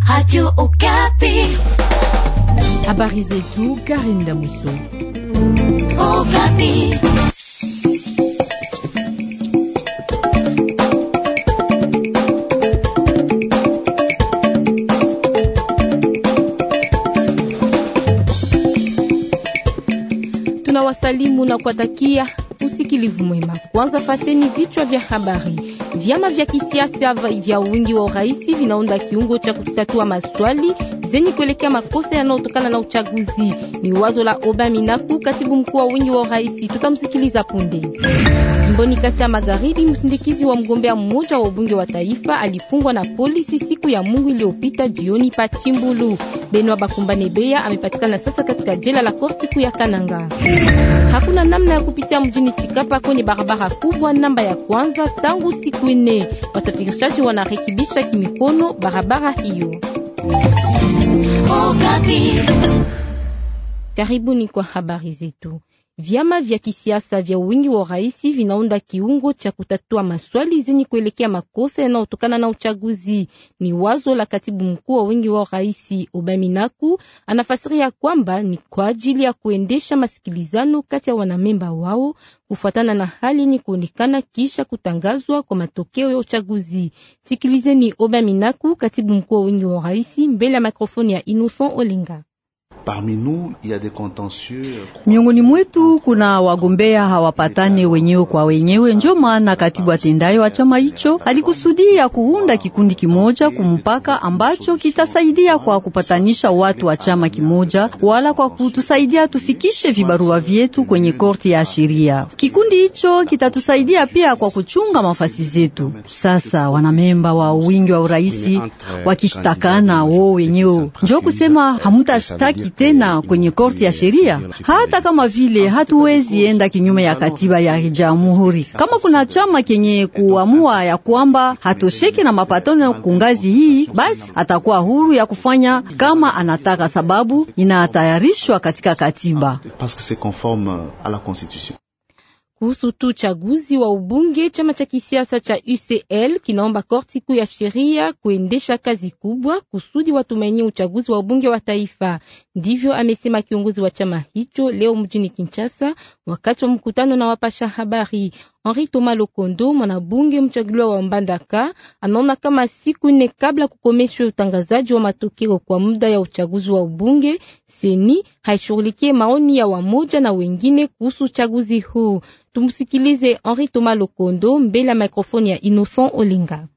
Radio Okapi. Habari zetu Karin Damuso. Okapi. Tunawasalimu na kuwatakia usikilivu mwema. Kwanza fateni vichwa vya habari. Vyama vya kisiasa vya wingi wa urais vinaunda kiungo cha kutatua maswali zenye kuelekea makosa yanayotokana na uchaguzi. Ni wazo la Oba Minaku, katibu mkuu wa wingi wa urais. Tutamsikiliza punde. Jimboni Kasai ya Magharibi, msindikizi wa mgombea mmoja wa ubunge wa taifa alifungwa na polisi siku ya Mungu iliyopita jioni pa Chimbulu. Benwa Bakumbane Beya amepatikana sasa katika jela la korti kuu ya Kananga. Hakuna namna ya kupitia mjini Chikapa kwenye barabara kubwa namba ya kwanza tangu siku nne. Wasafirishaji wanarekebisha kimikono barabara hiyo. Oh, Karibuni kwa habari zetu. Vyama vya kisiasa vya wingi wa rais vinaunda kiungo cha kutatua maswali zenye kuelekea makosa yanayotokana na uchaguzi. Ni wazo la katibu mkuu wa wingi wa rais Obaminaku. Anafasiria kwamba ni kwa ajili ya kuendesha masikilizano kati ya wanamemba wao kufuatana na hali yenye kuonekana kisha kutangazwa kwa matokeo ya uchaguzi. Sikilizeni Obaminaku, katibu mkuu wa wingi wa rais, mbele ya mikrofoni ya Innocent Olinga. Euh, Miongoni mwetu kuna wagombea hawapatane wenyewe kwa wenyewe, njo maana katibu atendayo wa chama hicho alikusudia kuunda kikundi kimoja kumpaka ambacho kitasaidia kwa kupatanisha watu wa chama kimoja, wala kwa kutusaidia tufikishe vibarua vyetu kwenye korti ya sheria. Kikundi hicho kitatusaidia pia kwa kuchunga mafasi zetu. Sasa wanamemba wa wingi wa uraisi wakishtakana wo wenyewe, njo kusema hamutashtaki tena kwenye korti ya sheria, hata kama vile hatuwezi enda kinyume ya katiba ya jamhuri. Kama kuna chama kenye kuamua ya kwamba hatosheki na mapatano kungazi hii, basi atakuwa huru ya kufanya kama anataka, sababu inatayarishwa katika katiba kuhusu tu chaguzi wa ubunge. Chama cha kisiasa cha UCL kinaomba korti kuu ya sheria kuendesha kazi kubwa kusudi watumainie uchaguzi wa ubunge wa taifa. Ndivyo amesema kiongozi wa chama hicho leo mjini Kinshasa wakati wa mkutano na wapasha habari. Henri Thomas Lokondo, mwanabunge mchaguliwa wa Mbandaka, anaona kama siku nne kabla kukomesha utangazaji wa matokeo kwa muda ya uchaguzi wa ubunge, seni haishughulikie maoni ya wamoja na wengine kuhusu uchaguzi huu. Tumsikilize Henri Thomas Lokondo mbele ya mikrofoni ya Innocent Olinga.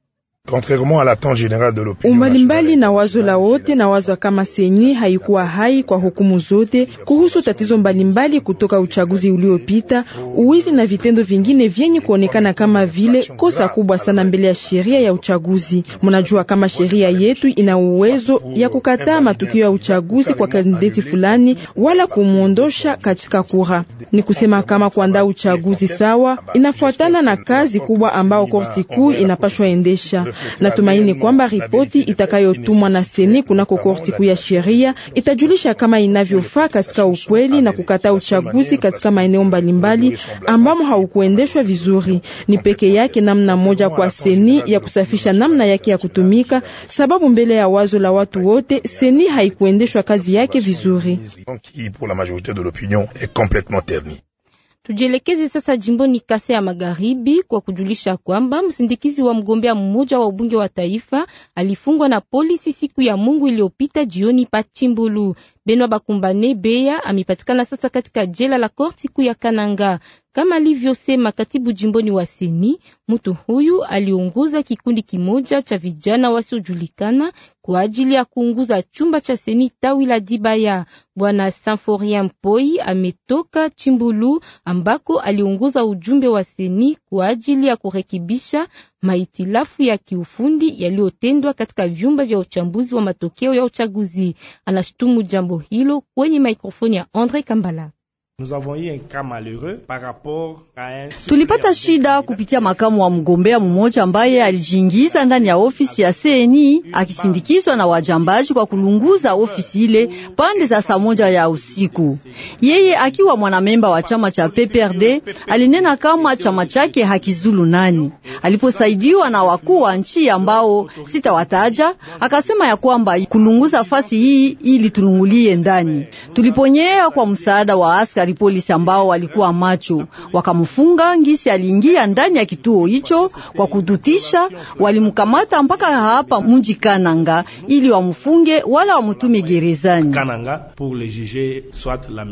Umbali mbali na wazo la wote na wazo kama senyi haikuwa hai kwa hukumu zote kuhusu tatizo mbalimbali mbali kutoka uchaguzi uliopita, uwizi na vitendo vingine vyenye kuonekana kama vile kosa kubwa sana mbele ya sheria ya uchaguzi. Mnajua kama sheria yetu ina uwezo ya kukataa matukio ya uchaguzi kwa kandideti fulani wala kumwondosha katika kura. Ni kusema kama kuandaa uchaguzi sawa inafuatana na kazi kubwa ambao korti kuu inapashwa endesha. Natumaini kwamba ripoti itakayotumwa na Seni kunako korti kuu ya sheria itajulisha kama inavyofaa katika ukweli na kukataa uchaguzi katika maeneo mbalimbali ambamo haukuendeshwa vizuri. Ni peke yake namna moja kwa Seni ya kusafisha namna yake ya kutumika, sababu mbele ya wazo la watu wote, Seni haikuendeshwa kazi yake vizuri. Tujielekeze sasa jimboni Kasa ya Magharibi kwa kujulisha kwamba msindikizi wa mgombea mmoja wa ubunge wa taifa alifungwa na polisi siku ya Mungu iliyopita jioni pa Chimbulu. Benwa Bakumbane Beya amepatikana sasa katika jela la korti kuu ya Kananga. Kama alivyosema katibu jimboni wa seni, mtu huyu aliunguza kikundi kimoja cha vijana wasiojulikana kwa ajili ya kuunguza chumba cha seni tawi la Dibaya. Bwana Sanforian Poi ametoka Chimbulu ambako aliunguza ujumbe wa seni kwa ajili ya kurekebisha mahitilafu ya kiufundi yaliyotendwa katika vyumba vya uchambuzi wa matokeo ya uchaguzi. Anashutumu jambo hilo kwenye mikrofoni ya Andre Kambala. Tulipata shida kupitia makamu wa mgombea mmoja ambaye alijiingiza ndani ya ofisi ya CNI akisindikizwa na wajambaji kwa kulunguza ofisi ile pande za saa moja ya usiku. Yeye akiwa mwanamemba wa chama cha PPRD alinena kama chama chake hakizulu nani, aliposaidiwa na wakuu wa nchi ambao sitawataja, akasema ya kwamba kulunguza fasi hii ili tulungulie ndani. Tuliponyea kwa msaada wa askari polisi ambao walikuwa macho, wakamfunga ngisi. Aliingia ndani ya kituo hicho kwa kututisha, walimkamata mpaka hapa mji Kananga ili wamfunge wala wamtume gerezani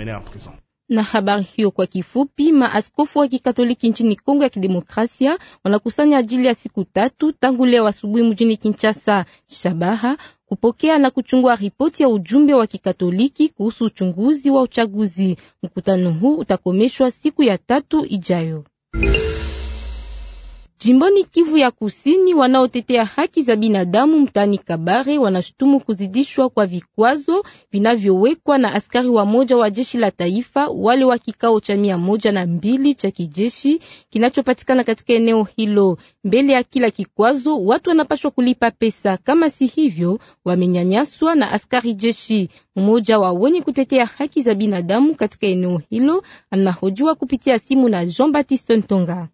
amené en prison. Na habari hiyo kwa kifupi, maaskofu wa Kikatoliki nchini Kongo ya Kidemokrasia wanakusanya ajili ya siku tatu tangu leo asubuhi mjini Kinshasa, shabaha kupokea na kuchungua ripoti ya ujumbe wa Kikatoliki kuhusu uchunguzi wa uchaguzi. Mkutano huu utakomeshwa siku ya tatu ijayo. Jimboni Kivu ya Kusini, wanaotetea haki za binadamu mtaani Kabare wanashutumu kuzidishwa kwa vikwazo vinavyowekwa na askari wa moja wa jeshi la taifa, wale wa kikao cha mia moja na mbili cha kijeshi kinachopatikana katika eneo hilo. Mbele ya kila kikwazo, watu wanapashwa kulipa pesa, kama si hivyo wamenyanyaswa na askari jeshi. Mmoja wa wenye kutetea haki za binadamu katika eneo hilo anahojiwa kupitia simu na Jean Baptiste Ntonga.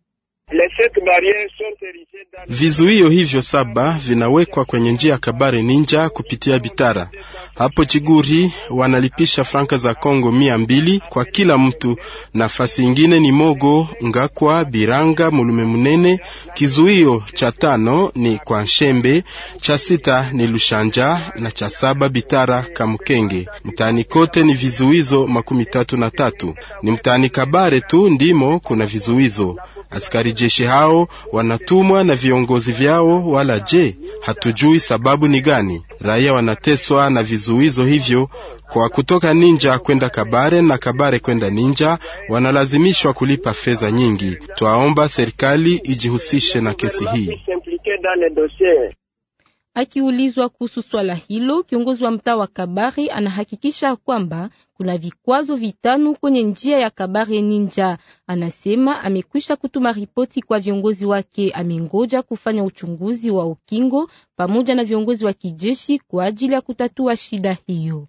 Vizuio hivyo saba vinawekwa kwenye njia ya Kabare Ninja kupitia Bitara. Hapo Chiguri wanalipisha franka za Kongo mia mbili kwa kila mtu. Nafasi ingine ni Mogo, Ngakwa, Biranga, Mulume Munene. Kizuio cha tano ni kwa Nshembe, cha sita ni Lushanja na cha saba Bitara Kamkenge. Mtaani kote ni vizuizo makumi tatu na tatu. Ni mtaani Kabare tu ndimo kuna vizuizo. Askari jeshi hao wanatumwa na viongozi vyao, wala je, hatujui sababu ni gani raia wanateswa na vizuizo hivyo? Kwa kutoka Ninja kwenda Kabare na Kabare kwenda Ninja wanalazimishwa kulipa fedha nyingi. Twaomba serikali ijihusishe na kesi hii. Akiulizwa kuhusu swala hilo, kiongozi wa mtaa wa Kabare anahakikisha kwamba kuna vikwazo vitano kwenye njia ya Kabare Ninja. Anasema amekwisha kutuma ripoti kwa viongozi wake, amengoja kufanya uchunguzi wa ukingo pamoja na viongozi wa kijeshi kwa ajili ya kutatua shida hiyo.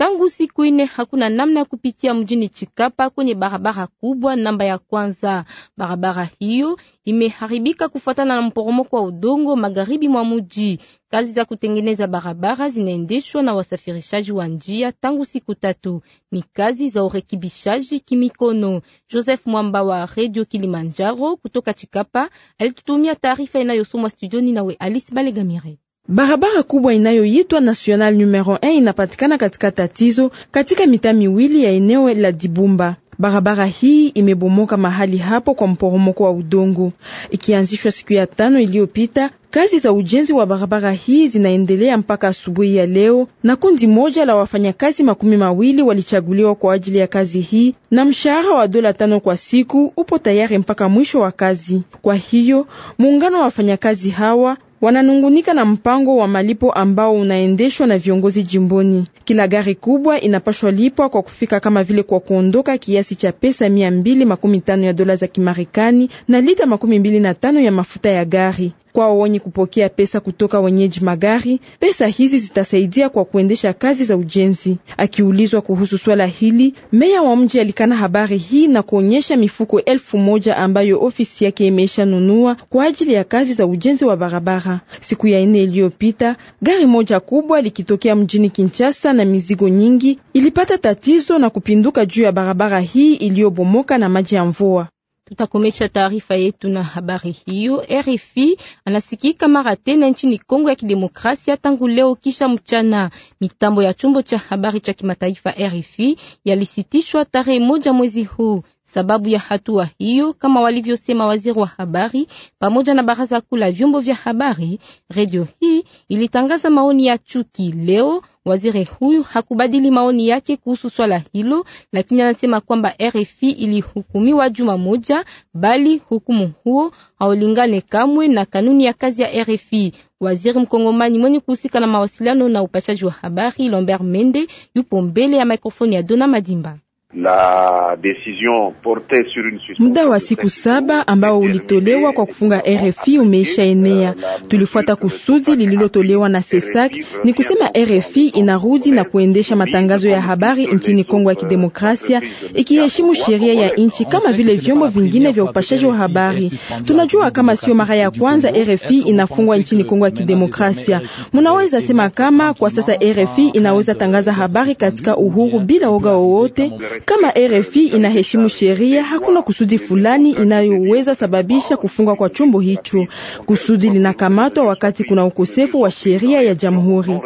Tangu siku ine hakuna namna ya kupitia mjini Chikapa kwenye barabara kubwa namba ya kwanza. Barabara hiyo imeharibika kufuatana na mporomoko wa udongo magharibi mwa mji. Kazi za kutengeneza barabara zinaendeshwa na wasafirishaji wa njia tangu siku tatu. Ni kazi za urekebishaji kimikono. Joseph Mwamba wa Radio Kilimanjaro kutoka Chikapa alitutumia taarifa inayosomwa studioni nawe Alice Balegamire. Barabara kubwa inayoitwa National numero 1 inapatikana katika tatizo katika mitaa miwili ya eneo la Dibumba. Barabara hii imebomoka mahali hapo kwa mporomoko wa udongo. Ikianzishwa siku ya tano iliyopita, kazi za ujenzi wa barabara hii zinaendelea mpaka asubuhi ya leo, na kundi moja la wafanyakazi makumi mawili walichaguliwa kwa ajili ya kazi hii, na mshahara wa dola tano kwa siku upo tayari mpaka mwisho wa kazi. Kwa hiyo muungano wa wafanyakazi hawa wananungunika na mpango wa malipo ambao unaendeshwa na viongozi jimboni. Kila gari kubwa inapashwa lipwa kwa kufika kama vile kwa kuondoka kiasi cha pesa mia mbili makumi tano ya dola za Kimarekani na lita makumi mbili na tano ya mafuta ya gari kwa wenye kupokea pesa kutoka wenyeji magari. Pesa hizi zitasaidia kwa kuendesha kazi za ujenzi. Akiulizwa kuhusu swala hili, meya wa mji alikana habari hii na kuonyesha mifuko elfu moja ambayo ofisi yake nunua kwa ajili ya kazi za ujenzi wa barabara. Siku ya nne iliyopita, gari moja kubwa likitokea mjini Kinshasa na mizigo nyingi ilipata tatizo na kupinduka juu ya barabara hii iliyobomoka na maji ya mvua. Tutakomesha taarifa yetu na habari hiyo. RFI anasikika mara tena nchini Kongo ya Kidemokrasia tangu leo kisha mchana. Mitambo ya chombo cha habari cha kimataifa RFI yalisitishwa tarehe moja mwezi huu. Sababu ya hatua hiyo, kama walivyosema waziri wa habari pamoja na baraza kuu la vyombo vya habari, redio hii ilitangaza maoni ya chuki leo. Waziri huyu hakubadili maoni yake kuhusu swala hilo, lakini anasema kwamba RFI ilihukumiwa juma moja, bali hukumu huo haulingane kamwe na kanuni ya kazi ya RFI. Waziri mkongomani mwenye kuhusika na mawasiliano na upashaji wa habari Lambert Mende yupo mbele ya mikrofoni ya Dona Madimba. La decision portee sur une suspension. Muda wa siku saba ambao ulitolewa kwa kufunga RFI umeisha enea. Tulifuata kusudi lililotolewa na sesac ni kusema RFI inarudi na kuendesha matangazo ya habari nchini Kongo ya euh, Kidemokrasia ikiheshimu sheria ya nchi kama vile vyombo vingine vya upashaji wa habari. Tunajua kama sio mara ya kwanza RFI inafungwa nchini Kongo ya Kidemokrasia. Munaweza sema kama kwa sasa RFI inaweza tangaza habari katika uhuru bila woga wowote kama RFI inaheshimu sheria, hakuna kusudi fulani inayoweza sababisha kufungwa kwa chombo hicho. Kusudi linakamatwa wakati kuna ukosefu wa sheria ya jamhuri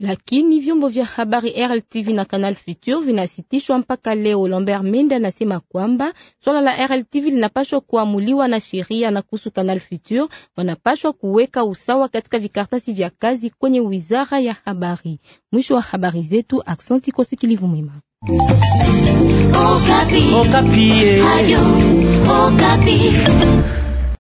lakini vyombo vya habari RLTV na Canal Futur vinasitishwa mpaka leo. Lambert Mende anasema kwamba swala la RLTV linapashwa kuamuliwa na sheria, na kuhusu Canal Futur wanapashwa kuweka usawa katika vikartasi vya kazi kwenye wizara ya habari. Mwisho wa habari zetu, aksanti kwa usikilivu mwema. Okapi. Okapi. Eh. Okapi.